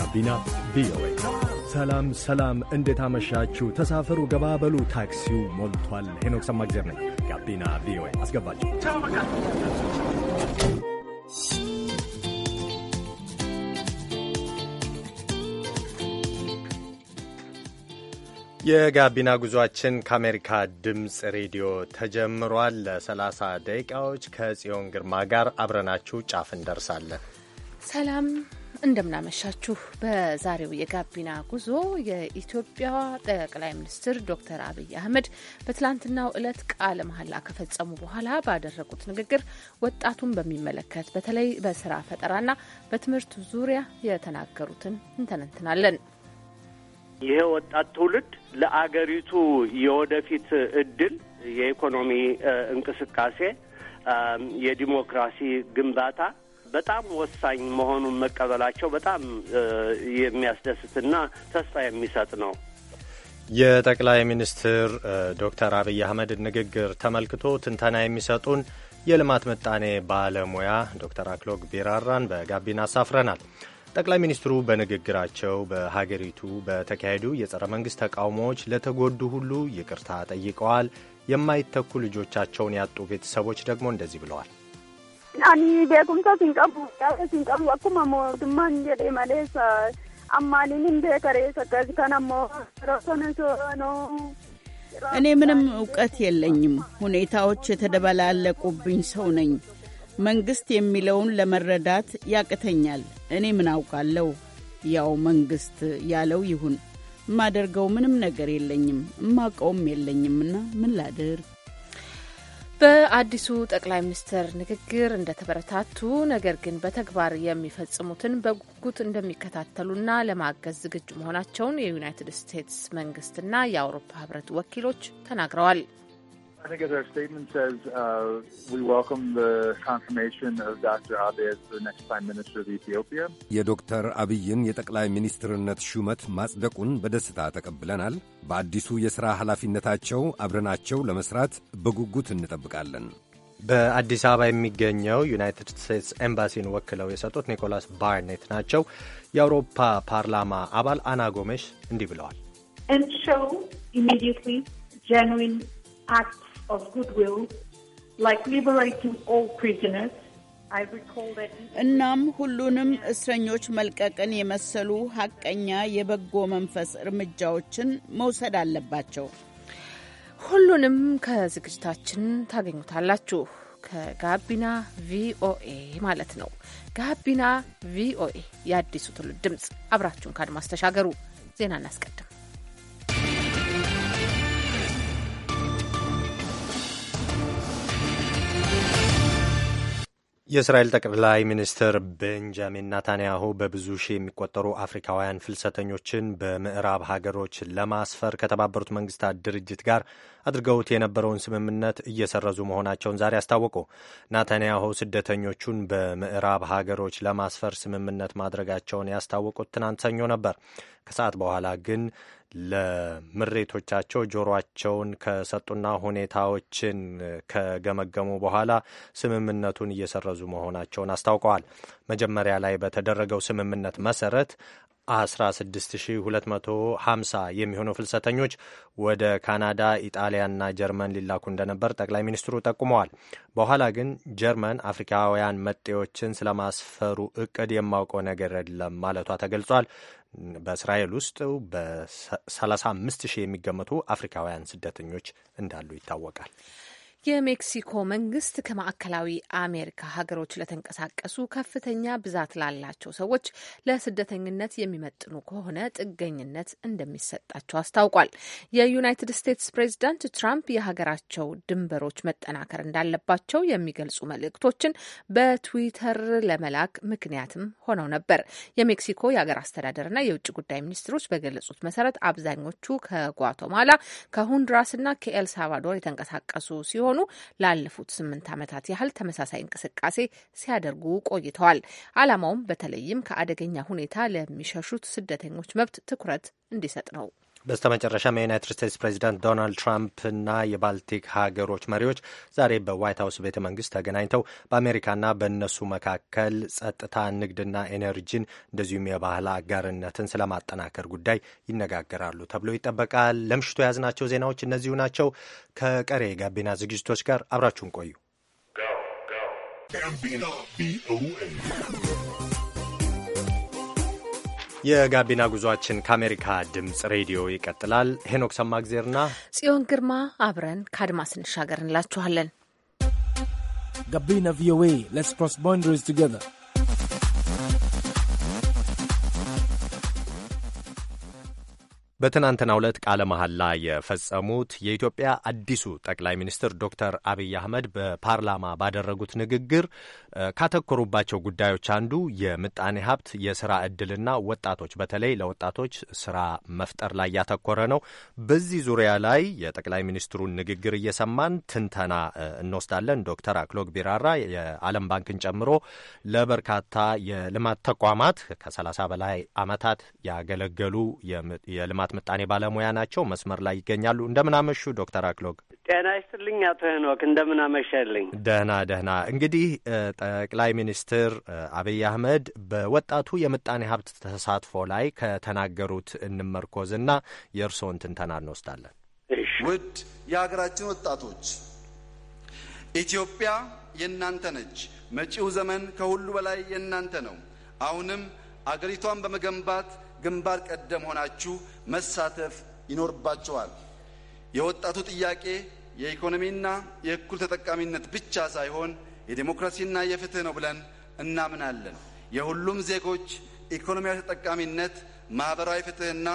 ጋቢና ቪኦኤ። ሰላም ሰላም፣ እንዴት አመሻችሁ? ተሳፈሩ፣ ገባበሉ፣ ታክሲው ሞልቷል። ሄኖክ ሰማግዜር ነኝ። ጋቢና ቪኦኤ ሰላም ሰላም እንዴት አመሻችሁ ተሳፈሩ በሉ ታክሲው ሞልቷል ሄኖክ ሰማግዜር ነኝ ጋቢና ቪኦኤ አስገባችሁ የጋቢና ጉዟችን ከአሜሪካ ድምፅ ሬዲዮ ተጀምሯል ለሰላሳ ደቂቃዎች ከጽዮን ግርማ ጋር አብረናችሁ ጫፍ እንደርሳለን። ሰላም እንደምናመሻችሁ። በዛሬው የጋቢና ጉዞ የኢትዮጵያ ጠቅላይ ሚኒስትር ዶክተር አብይ አህመድ በትላንትናው ዕለት ቃለ መሐላ ከፈጸሙ በኋላ ባደረጉት ንግግር ወጣቱን በሚመለከት በተለይ በስራ ፈጠራና በትምህርት ዙሪያ የተናገሩትን እንተነትናለን። ይሄ ወጣት ትውልድ ለአገሪቱ የወደፊት እድል፣ የኢኮኖሚ እንቅስቃሴ፣ የዲሞክራሲ ግንባታ በጣም ወሳኝ መሆኑን መቀበላቸው በጣም የሚያስደስትና ተስፋ የሚሰጥ ነው። የጠቅላይ ሚኒስትር ዶክተር አብይ አህመድን ንግግር ተመልክቶ ትንተና የሚሰጡን የልማት ምጣኔ ባለሙያ ዶክተር አክሎግ ቢራራን በጋቢና አሳፍረናል። ጠቅላይ ሚኒስትሩ በንግግራቸው በሀገሪቱ በተካሄዱ የጸረ መንግሥት ተቃውሞዎች ለተጎዱ ሁሉ ይቅርታ ጠይቀዋል። የማይተኩ ልጆቻቸውን ያጡ ቤተሰቦች ደግሞ እንደዚህ ብለዋል። ani beekumsas hin qabu yaa'es hin qabu akkuma mootummaan jedhe malees ammaaniin hin beekarees akkas kan ammoo እኔ ምንም እውቀት የለኝም። ሁኔታዎች የተደበላለቁብኝ ሰው ነኝ። መንግስት የሚለውን ለመረዳት ያቅተኛል። እኔ ምን አውቃለሁ? ያው መንግስት ያለው ይሁን። የማደርገው ምንም ነገር የለኝም፣ እማውቀውም የለኝምና ምን ላድርግ? በአዲሱ ጠቅላይ ሚኒስትር ንግግር እንደተበረታቱ ነገር ግን በተግባር የሚፈጽሙትን በጉጉት እንደሚከታተሉና ለማገዝ ዝግጁ መሆናቸውን የዩናይትድ ስቴትስ መንግስትና የአውሮፓ ህብረት ወኪሎች ተናግረዋል። የዶክተር አብይን የጠቅላይ ሚኒስትርነት ሹመት ማጽደቁን በደስታ ተቀብለናል። በአዲሱ የሥራ ኃላፊነታቸው አብረናቸው ለመሥራት በጉጉት እንጠብቃለን። በአዲስ አበባ የሚገኘው ዩናይትድ ስቴትስ ኤምባሲን ወክለው የሰጡት ኒኮላስ ባርኔት ናቸው። የአውሮፓ ፓርላማ አባል አና ጎሜሽ እንዲህ ብለዋል። እናም ሁሉንም እስረኞች መልቀቅን የመሰሉ ሀቀኛ የበጎ መንፈስ እርምጃዎችን መውሰድ አለባቸው። ሁሉንም ከዝግጅታችን ታገኙታላችሁ። ከጋቢና ቪኦኤ ማለት ነው። ጋቢና ቪኦኤ የአዲሱ ትውልድ ድምፅ። አብራችሁን ካድማስ ተሻገሩ። ዜና እናስቀድም። የእስራኤል ጠቅላይ ሚኒስትር ቤንጃሚን ናታንያሁ በብዙ ሺህ የሚቆጠሩ አፍሪካውያን ፍልሰተኞችን በምዕራብ ሀገሮች ለማስፈር ከተባበሩት መንግስታት ድርጅት ጋር አድርገውት የነበረውን ስምምነት እየሰረዙ መሆናቸውን ዛሬ አስታወቁ። ናታንያሁ ስደተኞቹን በምዕራብ ሀገሮች ለማስፈር ስምምነት ማድረጋቸውን ያስታወቁት ትናንት ሰኞ ነበር። ከሰዓት በኋላ ግን ለምሬቶቻቸው ጆሮአቸውን ከሰጡና ሁኔታዎችን ከገመገሙ በኋላ ስምምነቱን እየሰረዙ መሆናቸውን አስታውቀዋል። መጀመሪያ ላይ በተደረገው ስምምነት መሰረት 16250 የሚሆኑ ፍልሰተኞች ወደ ካናዳ፣ ኢጣሊያና ጀርመን ሊላኩ እንደነበር ጠቅላይ ሚኒስትሩ ጠቁመዋል። በኋላ ግን ጀርመን አፍሪካውያን መጤዎችን ስለማስፈሩ እቅድ የማውቀው ነገር የለም ማለቷ ተገልጿል። በእስራኤል ውስጥ በ35 ሺህ የሚገመቱ አፍሪካውያን ስደተኞች እንዳሉ ይታወቃል። የሜክሲኮ መንግስት ከማዕከላዊ አሜሪካ ሀገሮች ለተንቀሳቀሱ ከፍተኛ ብዛት ላላቸው ሰዎች ለስደተኝነት የሚመጥኑ ከሆነ ጥገኝነት እንደሚሰጣቸው አስታውቋል። የዩናይትድ ስቴትስ ፕሬዚዳንት ትራምፕ የሀገራቸው ድንበሮች መጠናከር እንዳለባቸው የሚገልጹ መልእክቶችን በትዊተር ለመላክ ምክንያትም ሆነው ነበር። የሜክሲኮ የሀገር አስተዳደርና የውጭ ጉዳይ ሚኒስትሮች በገለጹት መሰረት አብዛኞቹ ከጓቶማላ ከሆንዱራስና ከኤልሳልቫዶር የተንቀሳቀሱ ሲሆን ሲሆኑ ላለፉት ስምንት ዓመታት ያህል ተመሳሳይ እንቅስቃሴ ሲያደርጉ ቆይተዋል። ዓላማውም በተለይም ከአደገኛ ሁኔታ ለሚሸሹት ስደተኞች መብት ትኩረት እንዲሰጥ ነው። በስተ መጨረሻም የዩናይትድ ስቴትስ ፕሬዚዳንት ዶናልድ ትራምፕና የባልቲክ ሀገሮች መሪዎች ዛሬ በዋይት ሀውስ ቤተ መንግስት ተገናኝተው በአሜሪካና በእነሱ መካከል ጸጥታ፣ ንግድና ኤነርጂን እንደዚሁም የባህል አጋርነትን ስለማጠናከር ጉዳይ ይነጋገራሉ ተብሎ ይጠበቃል። ለምሽቱ የያዝናቸው ዜናዎች እነዚሁ ናቸው። ከቀሬ የጋቢና ዝግጅቶች ጋር አብራችሁን ቆዩ። የጋቢና ጉዟችን ከአሜሪካ ድምፅ ሬዲዮ ይቀጥላል። ሄኖክ ሰማግዜርና ጽዮን ግርማ አብረን ከአድማስ እንሻገር እንላችኋለን። ጋቢና ቪኦኤ ሌትስ ክሮስ ባውንደሪስ ቱጌዘር በትናንትናው ዕለት ቃለ መሐላ የፈጸሙት የኢትዮጵያ አዲሱ ጠቅላይ ሚኒስትር ዶክተር አብይ አህመድ በፓርላማ ባደረጉት ንግግር ካተኮሩባቸው ጉዳዮች አንዱ የምጣኔ ሀብት፣ የስራ እድልና ወጣቶች በተለይ ለወጣቶች ስራ መፍጠር ላይ ያተኮረ ነው። በዚህ ዙሪያ ላይ የጠቅላይ ሚኒስትሩን ንግግር እየሰማን ትንተና እንወስዳለን። ዶክተር አክሎግ ቢራራ የዓለም ባንክን ጨምሮ ለበርካታ የልማት ተቋማት ከ30 በላይ ዓመታት ያገለገሉ የልማት የእንስሳት ምጣኔ ባለሙያ ናቸው። መስመር ላይ ይገኛሉ። እንደምናመሹ ዶክተር አክሎግ ጤና ይስጥልኝ። አቶ ሄኖክ እንደምናመሻልኝ። ደህና ደህና። እንግዲህ ጠቅላይ ሚኒስትር አብይ አህመድ በወጣቱ የምጣኔ ሀብት ተሳትፎ ላይ ከተናገሩት እንመርኮዝና የእርስዎን ትንተና እንወስዳለን። ውድ የሀገራችን ወጣቶች ኢትዮጵያ የእናንተ ነች። መጪው ዘመን ከሁሉ በላይ የእናንተ ነው። አሁንም አገሪቷን በመገንባት ግንባር ቀደም ሆናችሁ መሳተፍ ይኖርባችኋል። የወጣቱ ጥያቄ የኢኮኖሚና የእኩል ተጠቃሚነት ብቻ ሳይሆን የዴሞክራሲና የፍትህ ነው ብለን እናምናለን። የሁሉም ዜጎች ኢኮኖሚያዊ ተጠቃሚነት፣ ማህበራዊ ፍትህና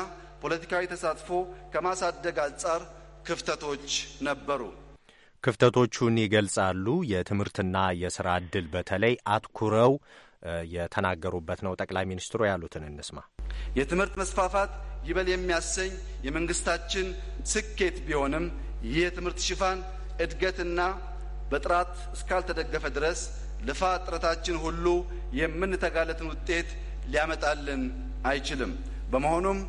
ፖለቲካዊ ተሳትፎ ከማሳደግ አንጻር ክፍተቶች ነበሩ። ክፍተቶቹን ይገልጻሉ። የትምህርትና የስራ ዕድል በተለይ አትኩረው የተናገሩበት ነው። ጠቅላይ ሚኒስትሩ ያሉትን እንስማ። የትምህርት መስፋፋት ይበል የሚያሰኝ የመንግስታችን ስኬት ቢሆንም ይህ የትምህርት ሽፋን እድገትና በጥራት እስካልተደገፈ ድረስ ልፋት ጥረታችን ሁሉ የምንተጋለትን ውጤት ሊያመጣልን አይችልም። በመሆኑም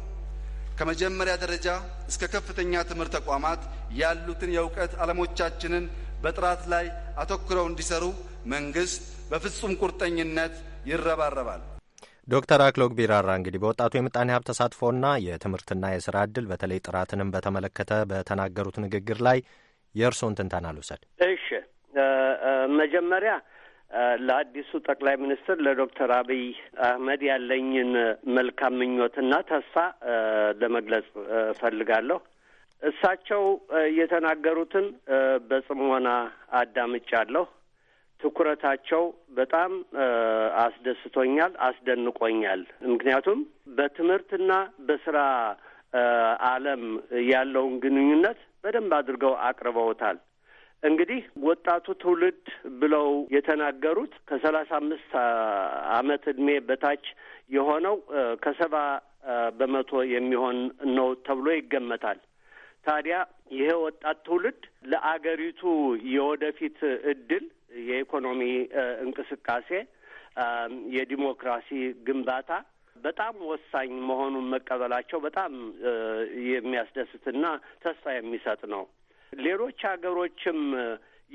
ከመጀመሪያ ደረጃ እስከ ከፍተኛ ትምህርት ተቋማት ያሉትን የእውቀት አለሞቻችንን በጥራት ላይ አተኩረው እንዲሰሩ መንግስት በፍጹም ቁርጠኝነት ይረባረባል። ዶክተር አክሎግ ቢራራ እንግዲህ በወጣቱ የምጣኔ ሀብት ተሳትፎና የትምህርትና የስራ እድል በተለይ ጥራትንም በተመለከተ በተናገሩት ንግግር ላይ የእርስዎን ትንተና ልውሰድ። እሺ፣ መጀመሪያ ለአዲሱ ጠቅላይ ሚኒስትር ለዶክተር አብይ አህመድ ያለኝን መልካም ምኞትና ተስፋ ለመግለጽ እፈልጋለሁ። እሳቸው የተናገሩትን በጽሞና አዳምጫለሁ። ትኩረታቸው በጣም አስደስቶኛል፣ አስደንቆኛል። ምክንያቱም በትምህርትና በስራ ዓለም ያለውን ግንኙነት በደንብ አድርገው አቅርበውታል። እንግዲህ ወጣቱ ትውልድ ብለው የተናገሩት ከሰላሳ አምስት አመት እድሜ በታች የሆነው ከሰባ በመቶ የሚሆን ነው ተብሎ ይገመታል። ታዲያ ይሄ ወጣት ትውልድ ለአገሪቱ የወደፊት እድል፣ የኢኮኖሚ እንቅስቃሴ፣ የዲሞክራሲ ግንባታ በጣም ወሳኝ መሆኑን መቀበላቸው በጣም የሚያስደስትና ተስፋ የሚሰጥ ነው። ሌሎች ሀገሮችም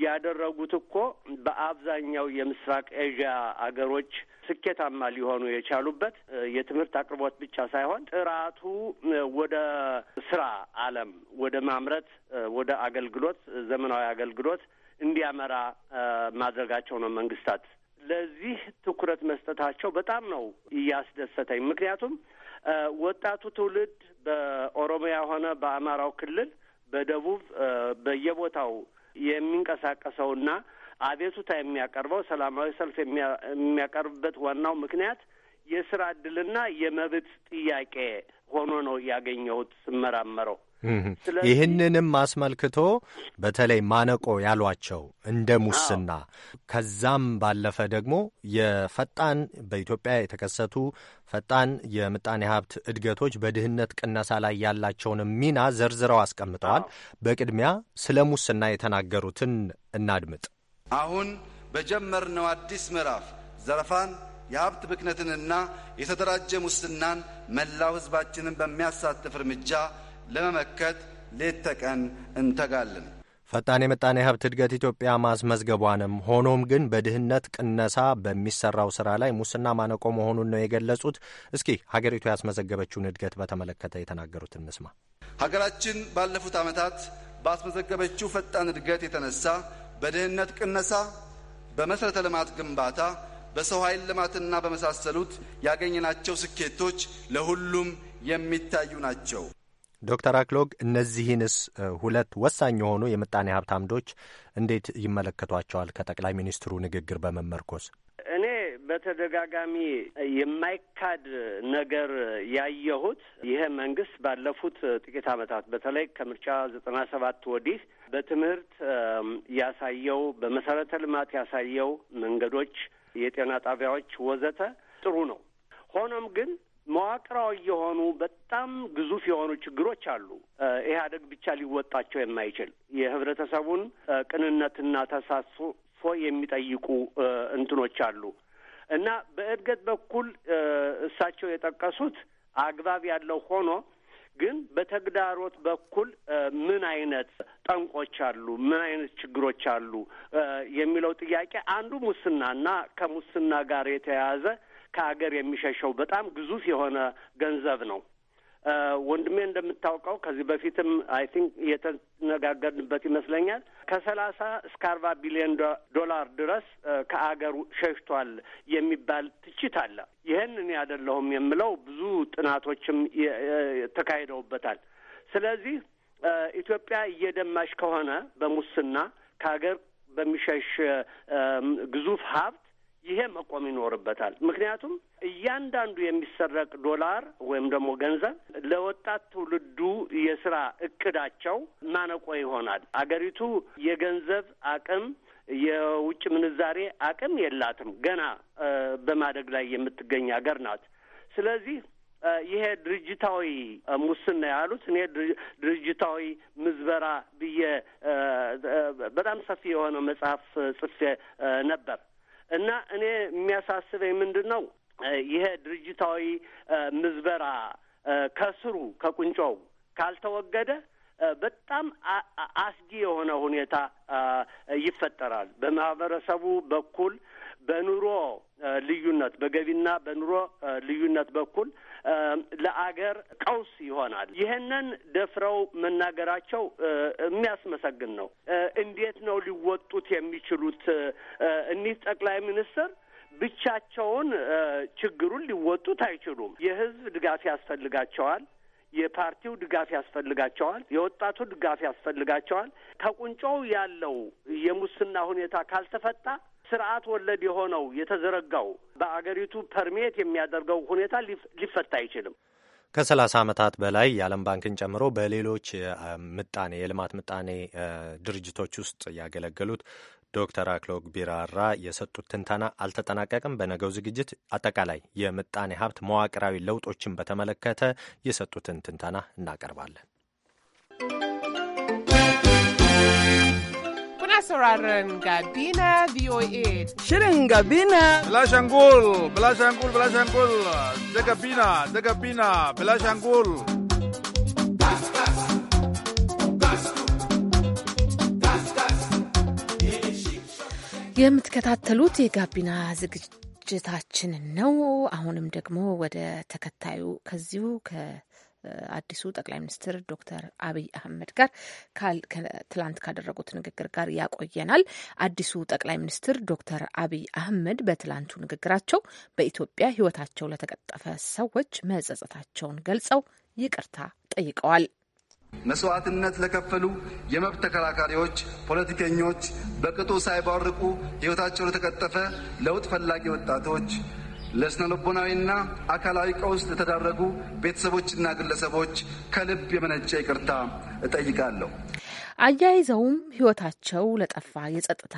ያደረጉት እኮ በአብዛኛው የምስራቅ ኤዥያ አገሮች ስኬታማ ሊሆኑ የቻሉበት የትምህርት አቅርቦት ብቻ ሳይሆን ጥራቱ ወደ ስራ አለም ወደ ማምረት፣ ወደ አገልግሎት፣ ዘመናዊ አገልግሎት እንዲያመራ ማድረጋቸው ነው። መንግስታት ለዚህ ትኩረት መስጠታቸው በጣም ነው እያስደሰተኝ። ምክንያቱም ወጣቱ ትውልድ በኦሮሚያ ሆነ በአማራው ክልል በደቡብ በየቦታው የሚንቀሳቀሰውና አቤቱታ የሚያቀርበው ሰላማዊ ሰልፍ የሚያቀርብበት ዋናው ምክንያት የስራ እድልና የመብት ጥያቄ ሆኖ ነው ያገኘሁት ስመራመረው። ይህንንም አስመልክቶ በተለይ ማነቆ ያሏቸው እንደ ሙስና ከዛም ባለፈ ደግሞ የፈጣን በኢትዮጵያ የተከሰቱ ፈጣን የምጣኔ ሀብት እድገቶች በድህነት ቅነሳ ላይ ያላቸውን ሚና ዘርዝረው አስቀምጠዋል። በቅድሚያ ስለ ሙስና የተናገሩትን እናድምጥ። አሁን በጀመርነው አዲስ ምዕራፍ ዘረፋን፣ የሀብት ብክነትንና የተደራጀ ሙስናን መላው ሕዝባችንን በሚያሳትፍ እርምጃ ለመመከት ሌት ተቀን እንተጋለን። ፈጣን የምጣኔ ሀብት እድገት ኢትዮጵያ ማስመዝገቧንም ሆኖም ግን በድህነት ቅነሳ በሚሰራው ስራ ላይ ሙስና ማነቆ መሆኑን ነው የገለጹት። እስኪ ሀገሪቱ ያስመዘገበችውን እድገት በተመለከተ የተናገሩትን እንስማ። ሀገራችን ባለፉት ዓመታት ባስመዘገበችው ፈጣን እድገት የተነሳ በድህነት ቅነሳ፣ በመሠረተ ልማት ግንባታ፣ በሰው ኃይል ልማትና በመሳሰሉት ያገኘናቸው ስኬቶች ለሁሉም የሚታዩ ናቸው። ዶክተር አክሎግ እነዚህንስ ሁለት ወሳኝ የሆኑ የምጣኔ ሀብት አምዶች እንዴት ይመለከቷቸዋል? ከጠቅላይ ሚኒስትሩ ንግግር በመመርኮስ እኔ በተደጋጋሚ የማይካድ ነገር ያየሁት ይሄ መንግስት ባለፉት ጥቂት ዓመታት በተለይ ከምርጫ ዘጠና ሰባት ወዲህ በትምህርት ያሳየው በመሰረተ ልማት ያሳየው መንገዶች፣ የጤና ጣቢያዎች ወዘተ ጥሩ ነው። ሆኖም ግን መዋቅራዊ የሆኑ በጣም ግዙፍ የሆኑ ችግሮች አሉ። ኢህአደግ ብቻ ሊወጣቸው የማይችል የህብረተሰቡን ቅንነትና ተሳትፎ የሚጠይቁ እንትኖች አሉ እና በእድገት በኩል እሳቸው የጠቀሱት አግባብ ያለው ሆኖ ግን በተግዳሮት በኩል ምን አይነት ጠንቆች አሉ፣ ምን አይነት ችግሮች አሉ የሚለው ጥያቄ አንዱ ሙስናና ከሙስና ጋር የተያያዘ ከሀገር የሚሸሸው በጣም ግዙፍ የሆነ ገንዘብ ነው። ወንድሜ እንደምታውቀው ከዚህ በፊትም አይ ቲንክ የተነጋገርንበት ይመስለኛል ከሰላሳ እስከ አርባ ቢሊዮን ዶላር ድረስ ከአገር ሸሽቷል የሚባል ትችት አለ። ይህን እኔ አይደለሁም የምለው ብዙ ጥናቶችም ተካሂደውበታል። ስለዚህ ኢትዮጵያ እየደማሽ ከሆነ በሙስና ከሀገር በሚሸሽ ግዙፍ ሀብት ይሄ መቆም ይኖርበታል። ምክንያቱም እያንዳንዱ የሚሰረቅ ዶላር ወይም ደግሞ ገንዘብ ለወጣት ትውልዱ የስራ እቅዳቸው ማነቆ ይሆናል። አገሪቱ የገንዘብ አቅም የውጭ ምንዛሬ አቅም የላትም። ገና በማደግ ላይ የምትገኝ ሀገር ናት። ስለዚህ ይሄ ድርጅታዊ ሙስና ያሉት እኔ ድርጅታዊ ምዝበራ ብዬ በጣም ሰፊ የሆነ መጽሐፍ ጽፌ ነበር። እና እኔ የሚያሳስበኝ ምንድን ነው ይሄ ድርጅታዊ ምዝበራ ከስሩ ከቁንጮው ካልተወገደ በጣም አስጊ የሆነ ሁኔታ ይፈጠራል። በማህበረሰቡ በኩል በኑሮ ልዩነት በገቢና በኑሮ ልዩነት በኩል ለአገር ቀውስ ይሆናል። ይህንን ደፍረው መናገራቸው የሚያስመሰግን ነው። እንዴት ነው ሊወጡት የሚችሉት? እኒህ ጠቅላይ ሚኒስትር ብቻቸውን ችግሩን ሊወጡት አይችሉም። የህዝብ ድጋፍ ያስፈልጋቸዋል። የፓርቲው ድጋፍ ያስፈልጋቸዋል። የወጣቱ ድጋፍ ያስፈልጋቸዋል። ተቁንጮው ያለው የሙስና ሁኔታ ካልተፈታ ስርዓት ወለድ የሆነው የተዘረጋው በአገሪቱ ፐርሜት የሚያደርገው ሁኔታ ሊፈታ አይችልም። ከሰላሳ ዓመታት በላይ የዓለም ባንክን ጨምሮ በሌሎች ምጣኔ የልማት ምጣኔ ድርጅቶች ውስጥ ያገለገሉት ዶክተር አክሎግ ቢራራ የሰጡት ትንተና አልተጠናቀቅም። በነገው ዝግጅት አጠቃላይ የምጣኔ ሀብት መዋቅራዊ ለውጦችን በተመለከተ የሰጡትን ትንተና እናቀርባለን። kuna sauraron Gabina VOA. Shirin Gabina. Bilashangul, Bilashangul, Bilashangul, da Gabina, da Gabina, Bilashangul. የምትከታተሉት የጋቢና ዝግጅታችንን ነው። አሁንም ደግሞ ወደ ተከታዩ ከዚሁ ከ አዲሱ ጠቅላይ ሚኒስትር ዶክተር አብይ አህመድ ጋር ትላንት ካደረጉት ንግግር ጋር ያቆየናል። አዲሱ ጠቅላይ ሚኒስትር ዶክተር አብይ አህመድ በትላንቱ ንግግራቸው በኢትዮጵያ ሕይወታቸው ለተቀጠፈ ሰዎች መጸጸታቸውን ገልጸው ይቅርታ ጠይቀዋል። መስዋዕትነት ለከፈሉ የመብት ተከራካሪዎች፣ ፖለቲከኞች በቅጡ ሳይባርቁ ሕይወታቸው ለተቀጠፈ ለውጥ ፈላጊ ወጣቶች ለስነልቦናዊና አካላዊ ቀውስ ለተዳረጉ ቤተሰቦችና ግለሰቦች ከልብ የመነጨ ይቅርታ እጠይቃለሁ። አያይዘውም ሕይወታቸው ለጠፋ የጸጥታ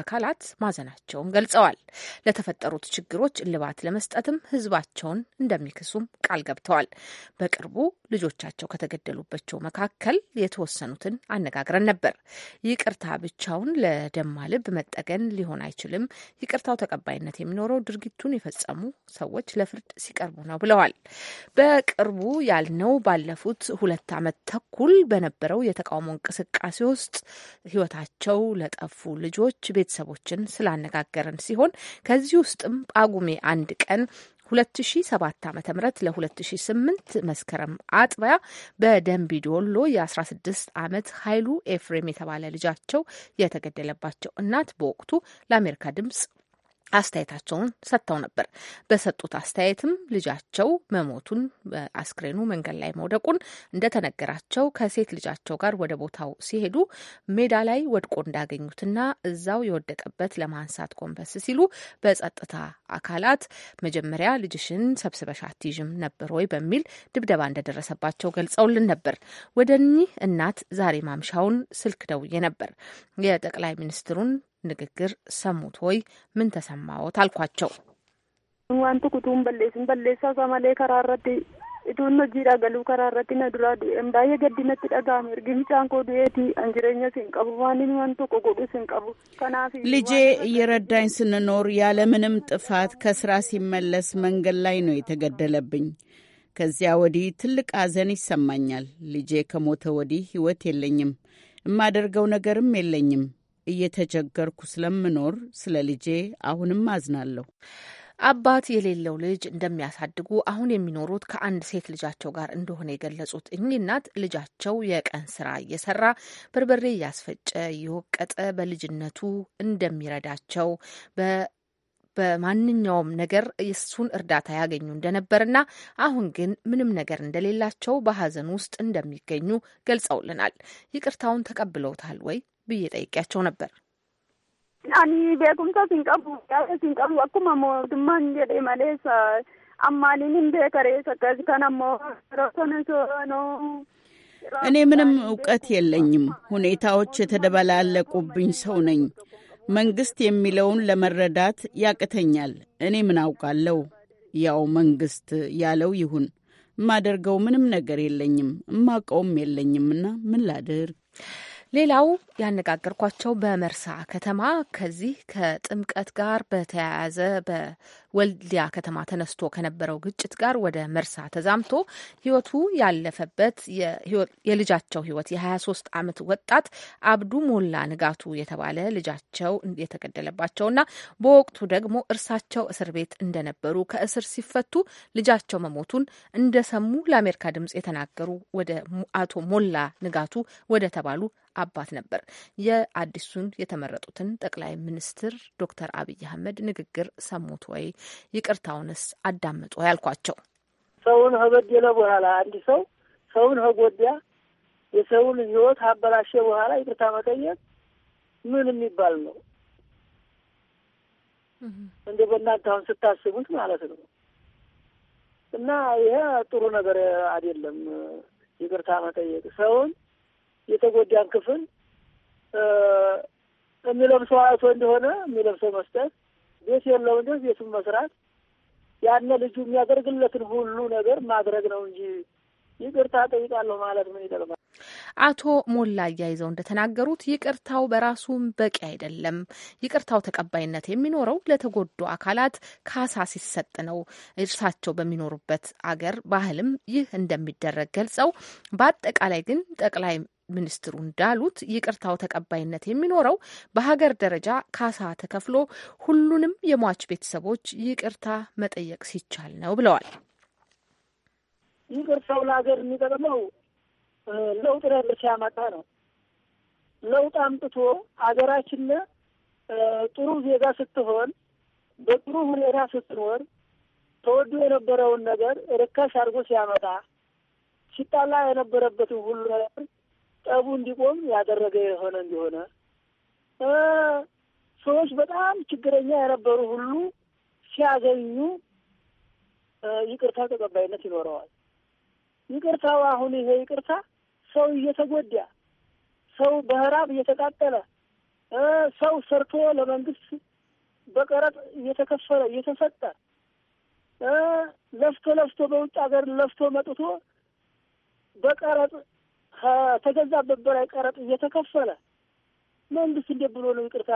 አካላት ማዘናቸውን ገልጸዋል። ለተፈጠሩት ችግሮች እልባት ለመስጠትም ህዝባቸውን እንደሚክሱም ቃል ገብተዋል። በቅርቡ ልጆቻቸው ከተገደሉባቸው መካከል የተወሰኑትን አነጋግረን ነበር። ይቅርታ ብቻውን ለደማ ልብ መጠገን ሊሆን አይችልም። ይቅርታው ተቀባይነት የሚኖረው ድርጊቱን የፈጸሙ ሰዎች ለፍርድ ሲቀርቡ ነው ብለዋል። በቅርቡ ያልነው ባለፉት ሁለት ዓመት ተኩል በነበረው የተቃውሞ እንቅስቃሴ ውስጥ ህይወታቸው ለጠፉ ልጆች ቤተሰቦችን ስላነጋገርን ሲሆን ከዚህ ውስጥም ጳጉሜ አንድ ቀን 2007 ዓ ም ለ2008 መስከረም አጥቢያ በደንቢዶሎ የ16 ዓመት ኃይሉ ኤፍሬም የተባለ ልጃቸው የተገደለባቸው እናት በወቅቱ ለአሜሪካ ድምጽ አስተያየታቸውን ሰጥተው ነበር። በሰጡት አስተያየትም ልጃቸው መሞቱን አስክሬኑ መንገድ ላይ መውደቁን እንደተነገራቸው ከሴት ልጃቸው ጋር ወደ ቦታው ሲሄዱ ሜዳ ላይ ወድቆ እንዳገኙትና እዛው የወደቀበት ለማንሳት ጎንበስ ሲሉ በጸጥታ አካላት መጀመሪያ ልጅሽን ሰብስበሽ አትይዥም ነበር ወይ በሚል ድብደባ እንደደረሰባቸው ገልጸውልን ነበር። ወደ እኚህ እናት ዛሬ ማምሻውን ስልክ ደውዬ ነበር የጠቅላይ ሚኒስትሩን ንግግር ሰሙት ወይ? ምን ተሰማዎት? አልኳቸው። ዋንቱ ቁቱን በሌሱን በሌሳ ከማሌ ከራረት እቱን ጂ ገሉ ከራረት ነዱራ ባየ ገድነት ደጋም እርግሚጫን ኮዱቲ እንጅረኛ ሲንቀቡ ማንን ዋንቱ ቁቁዱ ሲንቀቡ ከናፊ ልጄ እየረዳኝ ስንኖር ያለምንም ጥፋት ከስራ ሲመለስ መንገድ ላይ ነው የተገደለብኝ። ከዚያ ወዲህ ትልቅ ሐዘን ይሰማኛል። ልጄ ከሞተ ወዲህ ሕይወት የለኝም። የማደርገው ነገርም የለኝም። እየተቸገርኩ ስለምኖር ስለ ልጄ አሁንም አዝናለሁ። አባት የሌለው ልጅ እንደሚያሳድጉ አሁን የሚኖሩት ከአንድ ሴት ልጃቸው ጋር እንደሆነ የገለጹት እኚህ እናት ልጃቸው የቀን ስራ እየሰራ በርበሬ እያስፈጨ እየወቀጠ በልጅነቱ እንደሚረዳቸው በማንኛውም ነገር የእሱን እርዳታ ያገኙ እንደነበርና አሁን ግን ምንም ነገር እንደሌላቸው በሀዘን ውስጥ እንደሚገኙ ገልጸውልናል። ይቅርታውን ተቀብለውታል ወይ? ብዬ ጠይቄያቸው ነበር። አኒ ቤኩምሳ ሲንቀቡ ሲንቀቡ አኩም አኩማ ድማ እንጀዴ መሌስ አማሊን እንደ ከሬ አካዚ ከናሞ ረሶነሶ ነው እኔ ምንም እውቀት የለኝም። ሁኔታዎች የተደበላለቁብኝ ሰው ነኝ። መንግስት የሚለውን ለመረዳት ያቅተኛል። እኔ ምን አውቃለሁ? ያው መንግስት ያለው ይሁን። የማደርገው ምንም ነገር የለኝም። እማቀውም የለኝምና ምን ላድርግ? ሌላው ያነጋገርኳቸው በመርሳ ከተማ ከዚህ ከጥምቀት ጋር በተያያዘ ወልዲያ ከተማ ተነስቶ ከነበረው ግጭት ጋር ወደ መርሳ ተዛምቶ ህይወቱ ያለፈበት የልጃቸው ህይወት የ23 ዓመት ወጣት አብዱ ሞላ ንጋቱ የተባለ ልጃቸው የተገደለባቸውና በወቅቱ ደግሞ እርሳቸው እስር ቤት እንደነበሩ ከእስር ሲፈቱ ልጃቸው መሞቱን እንደሰሙ ለአሜሪካ ድምጽ የተናገሩ ወደ አቶ ሞላ ንጋቱ ወደ ተባሉ አባት ነበር። የአዲሱን የተመረጡትን ጠቅላይ ሚኒስትር ዶክተር አብይ አህመድ ንግግር ሰሙት ወይ? ይቅርታውንስ አዳምጡ ያልኳቸው። ሰውን ከበደለ በኋላ አንድ ሰው ሰውን ከጎዳ የሰውን ህይወት አበላሸ በኋላ ይቅርታ መጠየቅ ምን የሚባል ነው? እንደ በእናንተ አሁን ስታስቡት ማለት ነው። እና ይሄ ጥሩ ነገር አይደለም። ይቅርታ መጠየቅ ሰውን የተጎዳን ክፍል የሚለብሰው አቶ እንደሆነ የሚለብሰው መስጠት ቤት የለው እንደ ቤቱን መስራት ያነ ልጁ የሚያደርግለትን ሁሉ ነገር ማድረግ ነው እንጂ ይቅርታ ጠይቃለሁ ማለት ምን ይጠቅማል? አቶ ሞላ አያይዘው እንደተናገሩት ይቅርታው በራሱም በቂ አይደለም። ይቅርታው ተቀባይነት የሚኖረው ለተጎዱ አካላት ካሳ ሲሰጥ ነው። እርሳቸው በሚኖሩበት አገር ባህልም ይህ እንደሚደረግ ገልጸው በአጠቃላይ ግን ጠቅላይ ሚኒስትሩ እንዳሉት ይቅርታው ተቀባይነት የሚኖረው በሀገር ደረጃ ካሳ ተከፍሎ ሁሉንም የሟች ቤተሰቦች ይቅርታ መጠየቅ ሲቻል ነው ብለዋል። ይቅርታው ለሀገር የሚጠቅመው ለውጥ ነገር ሲያመጣ ነው። ለውጥ አምጥቶ ሀገራችን ጥሩ ዜጋ ስትሆን፣ በጥሩ ሁኔታ ስትኖር፣ ተወዶ የነበረውን ነገር ርካሽ አድርጎ ሲያመጣ፣ ሲጣላ የነበረበትን ሁሉ ነገር ጠቡ እንዲቆም ያደረገ የሆነ እንዲሆነ ሰዎች በጣም ችግረኛ የነበሩ ሁሉ ሲያገኙ ይቅርታ ተቀባይነት ይኖረዋል። ይቅርታው አሁን ይሄ ይቅርታ ሰው እየተጎዳ ሰው በህራብ እየተቃጠለ ሰው ሰርቶ ለመንግስት በቀረጥ እየተከፈለ እየተሰጠ ለፍቶ ለፍቶ በውጭ ሀገር ለፍቶ መጥቶ በቀረጥ ከተገዛበት በላይ ቀረጥ እየተከፈለ መንግስት እንዴት ብሎ ነው ይቅርታ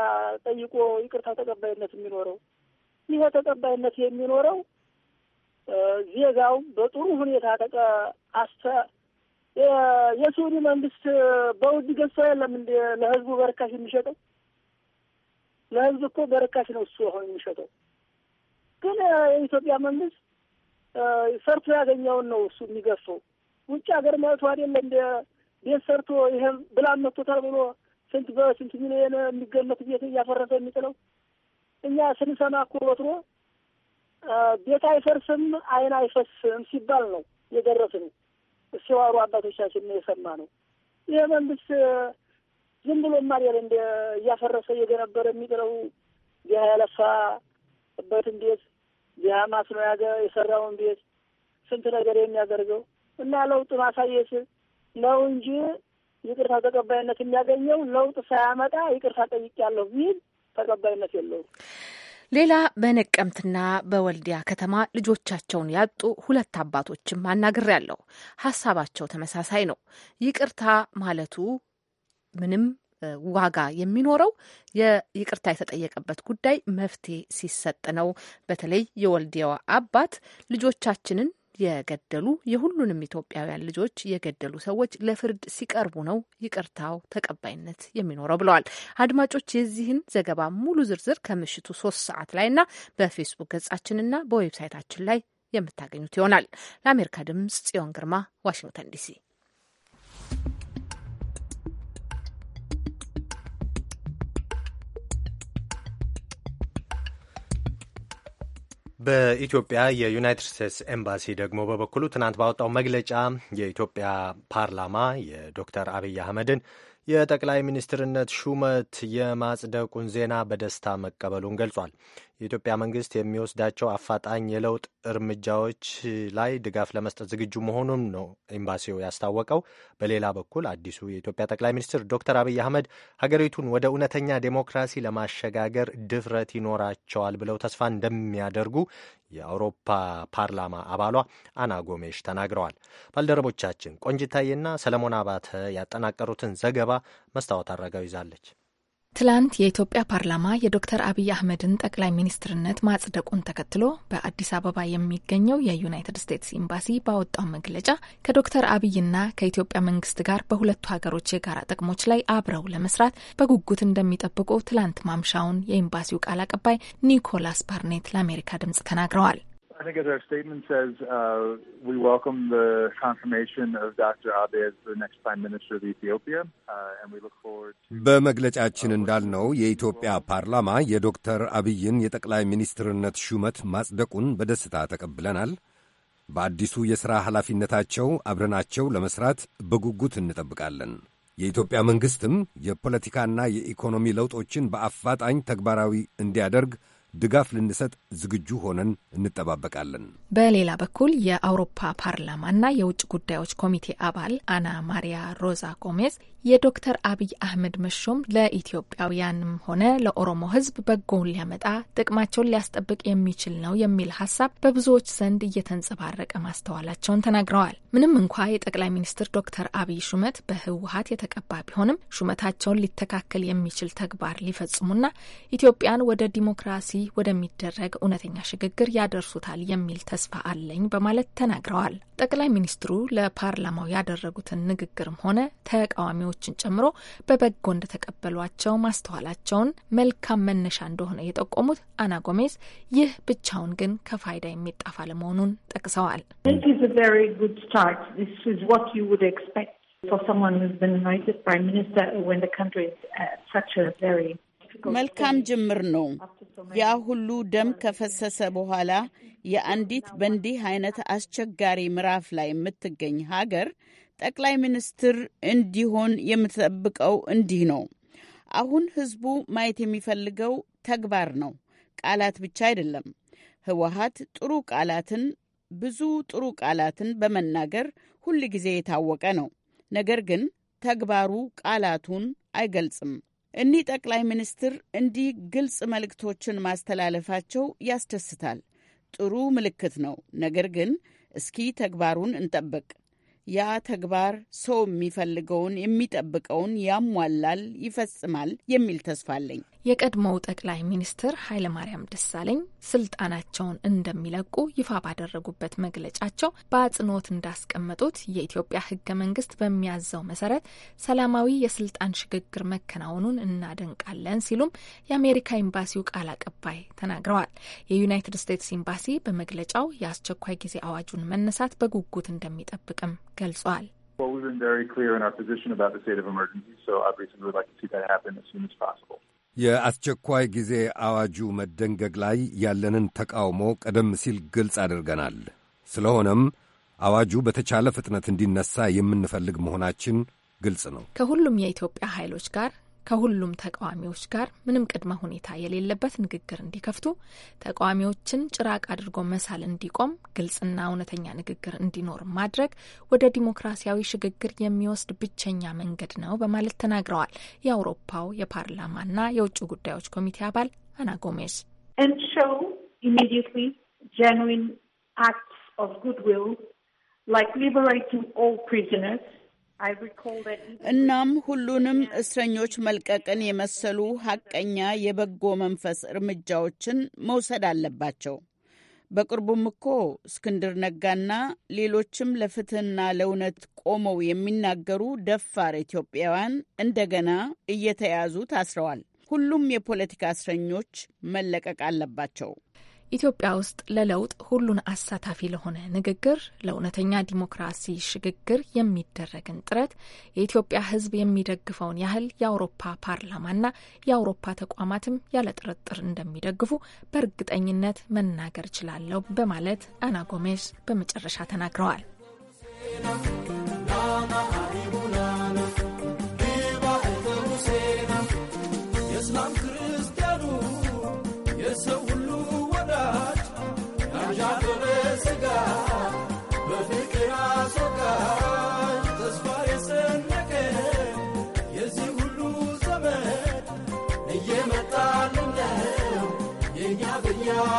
ጠይቆ ይቅርታ ተቀባይነት የሚኖረው? ይሄ ተቀባይነት የሚኖረው ዜጋው በጥሩ ሁኔታ ተቀ አስተ የሱኒ መንግስት በውድ ገዝቶ የለም እንደ ለህዝቡ በርካሽ የሚሸጠው ለህዝብ እኮ በርካሽ ነው እሱ አሁን የሚሸጠው። ግን የኢትዮጵያ መንግስት ሰርቶ ያገኘውን ነው እሱ የሚገፋው። ውጭ ሀገር መጥቶ አይደለ እንደ ቤት ሰርቶ ይሄም ብላን መጥቶታል ብሎ ስንት በስንት ሚሊዮን የሚገመት ቤት እያፈረሰ የሚጥለው እኛ ስንሰማ እኮ ወትሮ ቤት አይፈርስም አይን አይፈስም ሲባል ነው የደረስን ሲዋሩ አባቶቻችን የሰማ ነው። ይህ መንግስት ዝም ብሎ ማሪያል እንደ እያፈረሰ እየገነበረ የሚጥለው ዲያ ያለፋበትን ቤት ዲያ ማስኖ ያገ የሰራውን ቤት ስንት ነገር የሚያደርገው እና ለውጥ ማሳየት ነው እንጂ ይቅርታ ተቀባይነት የሚያገኘው ለውጥ ሳያመጣ ይቅርታ ጠይቄያለሁ ቢል ተቀባይነት የለውም። ሌላ በነቀምትና በወልዲያ ከተማ ልጆቻቸውን ያጡ ሁለት አባቶችም አናግሬያለሁ። ሀሳባቸው ተመሳሳይ ነው። ይቅርታ ማለቱ ምንም ዋጋ የሚኖረው ይቅርታ የተጠየቀበት ጉዳይ መፍትሄ ሲሰጥ ነው። በተለይ የወልዲያዋ አባት ልጆቻችንን የገደሉ የሁሉንም ኢትዮጵያውያን ልጆች የገደሉ ሰዎች ለፍርድ ሲቀርቡ ነው ይቅርታው ተቀባይነት የሚኖረው ብለዋል። አድማጮች የዚህን ዘገባ ሙሉ ዝርዝር ከምሽቱ ሶስት ሰዓት ላይ እና በፌስቡክ ገጻችንና በዌብሳይታችን ላይ የምታገኙት ይሆናል። ለአሜሪካ ድምጽ ጽዮን ግርማ ዋሽንግተን ዲሲ በኢትዮጵያ የዩናይትድ ስቴትስ ኤምባሲ ደግሞ በበኩሉ ትናንት ባወጣው መግለጫ የኢትዮጵያ ፓርላማ የዶክተር አብይ አህመድን የጠቅላይ ሚኒስትርነት ሹመት የማጽደቁን ዜና በደስታ መቀበሉን ገልጿል። የኢትዮጵያ መንግስት የሚወስዳቸው አፋጣኝ የለውጥ እርምጃዎች ላይ ድጋፍ ለመስጠት ዝግጁ መሆኑን ነው ኤምባሲው ያስታወቀው። በሌላ በኩል አዲሱ የኢትዮጵያ ጠቅላይ ሚኒስትር ዶክተር አብይ አህመድ ሀገሪቱን ወደ እውነተኛ ዴሞክራሲ ለማሸጋገር ድፍረት ይኖራቸዋል ብለው ተስፋ እንደሚያደርጉ የአውሮፓ ፓርላማ አባሏ አና ጎሜሽ ተናግረዋል። ባልደረቦቻችን ቆንጅታዬና ሰለሞን አባተ ያጠናቀሩትን ዘገባ መስታወት አድረጋው ይዛለች። ትላንት የኢትዮጵያ ፓርላማ የዶክተር አብይ አህመድን ጠቅላይ ሚኒስትርነት ማጽደቁን ተከትሎ በአዲስ አበባ የሚገኘው የዩናይትድ ስቴትስ ኤምባሲ ባወጣው መግለጫ ከዶክተር አብይና ከኢትዮጵያ መንግስት ጋር በሁለቱ ሀገሮች የጋራ ጥቅሞች ላይ አብረው ለመስራት በጉጉት እንደሚጠብቁ ትላንት ማምሻውን የኤምባሲው ቃል አቀባይ ኒኮላስ ባርኔት ለአሜሪካ ድምጽ ተናግረዋል። I think as our statement says, uh, we welcome the confirmation of Dr. Abe as the next Prime Minister of Ethiopia, uh, and we look forward to... በመግለጫችን uh, እንዳልነው የኢትዮጵያ ፓርላማ የዶክተር አብይን የጠቅላይ ሚኒስትርነት ሹመት ማጽደቁን በደስታ ተቀብለናል። በአዲሱ የሥራ ኃላፊነታቸው አብረናቸው ለመሥራት በጉጉት እንጠብቃለን። የኢትዮጵያ መንግሥትም የፖለቲካና የኢኮኖሚ ለውጦችን በአፋጣኝ ተግባራዊ እንዲያደርግ ድጋፍ ልንሰጥ ዝግጁ ሆነን እንጠባበቃለን። በሌላ በኩል የአውሮፓ ፓርላማና የውጭ ጉዳዮች ኮሚቴ አባል አና ማሪያ ሮዛ ጎሜዝ የዶክተር አብይ አህመድ መሾም ለኢትዮጵያውያንም ሆነ ለኦሮሞ ሕዝብ በጎውን ሊያመጣ ጥቅማቸውን ሊያስጠብቅ የሚችል ነው የሚል ሀሳብ በብዙዎች ዘንድ እየተንጸባረቀ ማስተዋላቸውን ተናግረዋል። ምንም እንኳ የጠቅላይ ሚኒስትር ዶክተር አብይ ሹመት በህወሀት የተቀባ ቢሆንም ሹመታቸውን ሊተካከል የሚችል ተግባር ሊፈጽሙና ኢትዮጵያን ወደ ዲሞክራሲ ወደሚደረግ እውነተኛ ሽግግር ያደርሱታል የሚል ተስፋ አለኝ በማለት ተናግረዋል። ጠቅላይ ሚኒስትሩ ለፓርላማው ያደረጉትን ንግግርም ሆነ ተቃዋሚው ውሳኔዎችን ጨምሮ በበጎ እንደተቀበሏቸው ማስተዋላቸውን መልካም መነሻ እንደሆነ የጠቆሙት አና ጎሜዝ ይህ ብቻውን ግን ከፋይዳ የሚጣፋ ለመሆኑን ጠቅሰዋል። መልካም ጅምር ነው። ያ ሁሉ ደም ከፈሰሰ በኋላ የአንዲት በእንዲህ አይነት አስቸጋሪ ምዕራፍ ላይ የምትገኝ ሀገር ጠቅላይ ሚኒስትር እንዲሆን የምትጠብቀው እንዲህ ነው። አሁን ህዝቡ ማየት የሚፈልገው ተግባር ነው፣ ቃላት ብቻ አይደለም። ህወሀት ጥሩ ቃላትን ብዙ ጥሩ ቃላትን በመናገር ሁል ጊዜ የታወቀ ነው። ነገር ግን ተግባሩ ቃላቱን አይገልጽም። እኒህ ጠቅላይ ሚኒስትር እንዲህ ግልጽ መልእክቶችን ማስተላለፋቸው ያስደስታል። ጥሩ ምልክት ነው። ነገር ግን እስኪ ተግባሩን እንጠብቅ። ያ ተግባር ሰው የሚፈልገውን የሚጠብቀውን ያሟላል፣ ይፈጽማል የሚል ተስፋ አለኝ። የቀድሞው ጠቅላይ ሚኒስትር ኃይለማርያም ደሳለኝ ስልጣናቸውን እንደሚለቁ ይፋ ባደረጉበት መግለጫቸው በአጽንኦት እንዳስቀመጡት የኢትዮጵያ ህገ መንግስት በሚያዘው መሰረት ሰላማዊ የስልጣን ሽግግር መከናወኑን እናደንቃለን ሲሉም የአሜሪካ ኤምባሲው ቃል አቀባይ ተናግረዋል። የዩናይትድ ስቴትስ ኤምባሲ በመግለጫው የአስቸኳይ ጊዜ አዋጁን መነሳት በጉጉት እንደሚጠብቅም ገልጿል። Well, we've been very clear in our position about the state of emergency, so obviously we'd like to see that happen as soon as possible. የአስቸኳይ ጊዜ አዋጁ መደንገግ ላይ ያለንን ተቃውሞ ቀደም ሲል ግልጽ አድርገናል። ስለሆነም አዋጁ በተቻለ ፍጥነት እንዲነሳ የምንፈልግ መሆናችን ግልጽ ነው። ከሁሉም የኢትዮጵያ ኃይሎች ጋር ከሁሉም ተቃዋሚዎች ጋር ምንም ቅድመ ሁኔታ የሌለበት ንግግር እንዲከፍቱ፣ ተቃዋሚዎችን ጭራቅ አድርጎ መሳል እንዲቆም፣ ግልጽና እውነተኛ ንግግር እንዲኖር ማድረግ ወደ ዲሞክራሲያዊ ሽግግር የሚወስድ ብቸኛ መንገድ ነው በማለት ተናግረዋል። የአውሮፓው የፓርላማና የውጭ ጉዳዮች ኮሚቴ አባል አና ጎሜዝ ጀንዊን አክትስ ኦፍ ጉድዊል ላይክ ሊበሬቲንግ ኦል ፕሪዝነርስ እናም ሁሉንም እስረኞች መልቀቅን የመሰሉ ሀቀኛ የበጎ መንፈስ እርምጃዎችን መውሰድ አለባቸው። በቅርቡም እኮ እስክንድር ነጋና ሌሎችም ለፍትህና ለእውነት ቆመው የሚናገሩ ደፋር ኢትዮጵያውያን እንደገና እየተያዙ ታስረዋል። ሁሉም የፖለቲካ እስረኞች መለቀቅ አለባቸው። ኢትዮጵያ ውስጥ ለለውጥ ሁሉን አሳታፊ ለሆነ ንግግር፣ ለእውነተኛ ዲሞክራሲ ሽግግር የሚደረግን ጥረት የኢትዮጵያ ሕዝብ የሚደግፈውን ያህል የአውሮፓ ፓርላማና የአውሮፓ ተቋማትም ያለ ጥርጥር እንደሚደግፉ በእርግጠኝነት መናገር ችላለሁ በማለት አና ጎሜዝ በመጨረሻ ተናግረዋል።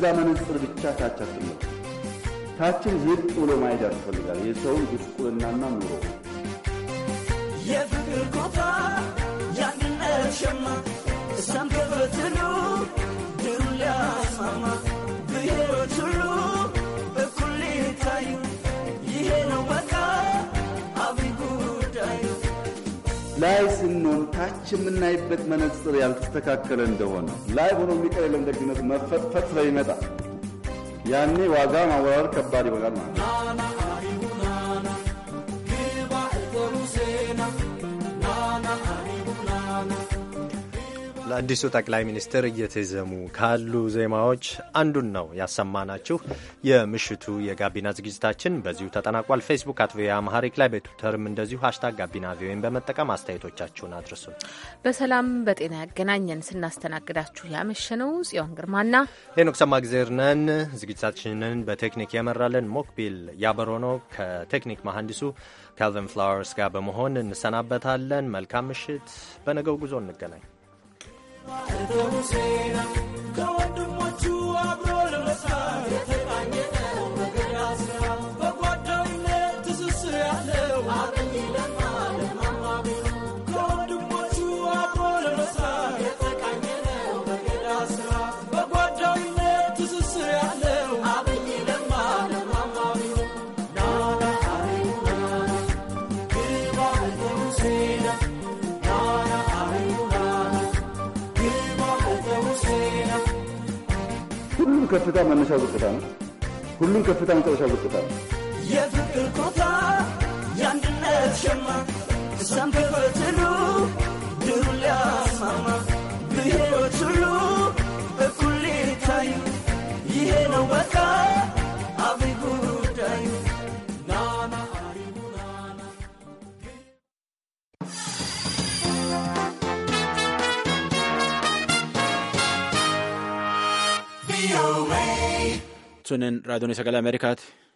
በዛ መነጽር ብቻ ታች አትመጡ። ታችን ዝቅ ብሎ ማየት ያስፈልጋል። የሰውን ጉስቁልናና ኑሮ የፍቅር ኮታ የአንድነት ሸማ እሳም ከፈትሉ ድሉ ሊያስማማ ብሔሮች ሁሉ እኩል ሊታዩ ላይ ስንሆን ታች የምናይበት መነጽር ያልተስተካከለ እንደሆነ ላይ ሆኖ የሚቀር የለም ደግነት መፈጥፈጥ ስለሚመጣ ያኔ ዋጋ ማወራረድ ከባድ ይሆናል ማለት ነው። ለአዲሱ ጠቅላይ ሚኒስትር እየተዘሙ ካሉ ዜማዎች አንዱን ነው ያሰማናችሁ። የምሽቱ የጋቢና ዝግጅታችን በዚሁ ተጠናቋል። ፌስቡክ አት ቪኦኤ አማሪክ ላይ በትዊተርም እንደዚሁ ሀሽታግ ጋቢና ቪኦኤን በመጠቀም አስተያየቶቻችሁን አድርሱን። በሰላም በጤና ያገናኘን። ስናስተናግዳችሁ ያመሸነው ጽዮን ግርማና ሄኖክ ጊዜር ነን። ዝግጅታችንን በቴክኒክ የመራለን ሞክቢል ያበሮ ነው። ከቴክኒክ መሐንዲሱ ካልቪን ፍላወርስ ጋር በመሆን እንሰናበታለን። መልካም ምሽት። በነገው ጉዞ እንገናኝ። I Ete musera, kawandu mochua brole masare te ከፍታ መነሻ ዝቅታ ነው። ሁሉም ከፍታ መጨረሻ ዝቅታ ነው። የፍቅር ኮታ የአንድነት ሸማ ሰንበበትሉ Sunin raadiyoon sagalee Ameerikaati.